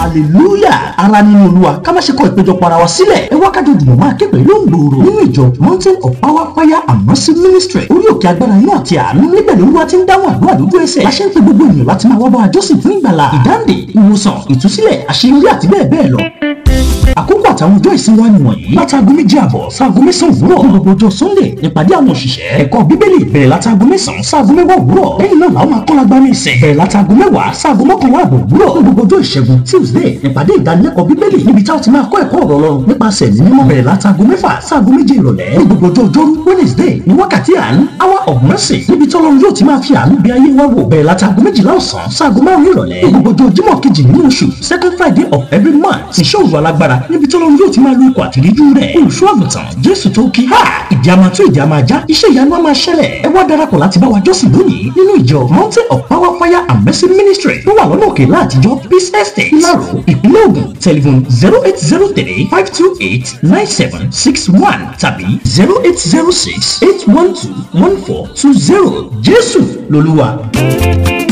hallelujah ara nínú olúwa ká má ṣe kọ ìpéjọpọ̀ ara wa sílẹ̀ ẹ wá kájọ jùmọ̀ máa kẹ́gbẹ̀ẹ́ ló ń gbòòrò nínú ìjọ mountain of power fire and mercy ministry orí òkè agbára inú àti àánú níbẹ̀ lolúwa ti ń dáhùn àdúrà lójú ẹsẹ̀ láṣẹ ń pe gbogbo ènìyàn láti máa wá bá wa jọ́sìn fún ìgbàlà ìdáǹdè ìwòsàn ìtúsílẹ̀ àṣeyọrí àti bẹ́ẹ̀ bẹ́ẹ̀ lọ àtàwọn ọjọ́ ìsinmi wa nìwọ̀nyí látago méjì àbọ̀ sáago mẹ́sàn-án òwúrọ̀ ní gbogbo ọjọ́ sunday nípàdé àwọn òṣìṣẹ́ ẹ̀kọ́ bíbélì bẹ̀rẹ̀ látago mẹ́sàn-án sáago mẹ́wàá òwúrọ̀ lẹ́yìn náà làwọn akọ́lágbá ní ìsìn bẹ̀rẹ̀ látago mẹ́wàá sáago mọ́kànlá àbọ̀ òwúrọ̀ ní gbogbo ọjọ́ ìṣẹ́gun tuesday nípàdé ní wákàtí àánú hour of mercy níbi tọ́lọ́run yóò ti máa fi àánú bí ayé wá wò bẹ̀rẹ̀ látago méjìlá ọ̀sán sáago márùn-ún ìrọ̀lẹ́ gbogbo ojoojúmọ́ kejì nínú oṣù second friday of every month ìṣòro alágbára níbi tọ́lọ́run yóò ti máa lu ikọ̀ àtìríjú rẹ̀ olùṣọ́ àgùntàn jésù tó kí ha ìdí àmà tó ìdí àmà já iṣẹ́ ìyanu á máa ṣẹlẹ̀ ẹ wá darapọ̀ láti bá wa jọ́sìn lónìí nínú ìjọ mountain of power fire and mercy ministry tó wà lọ́nà òkè láàtijọ́ peace estate ìlàró ìpínlẹ̀ ògùn telephone zero eight zero three five two eight nine seven six one tàbí zero eight zero six eight eight one two one four two zero jésù lolúwa.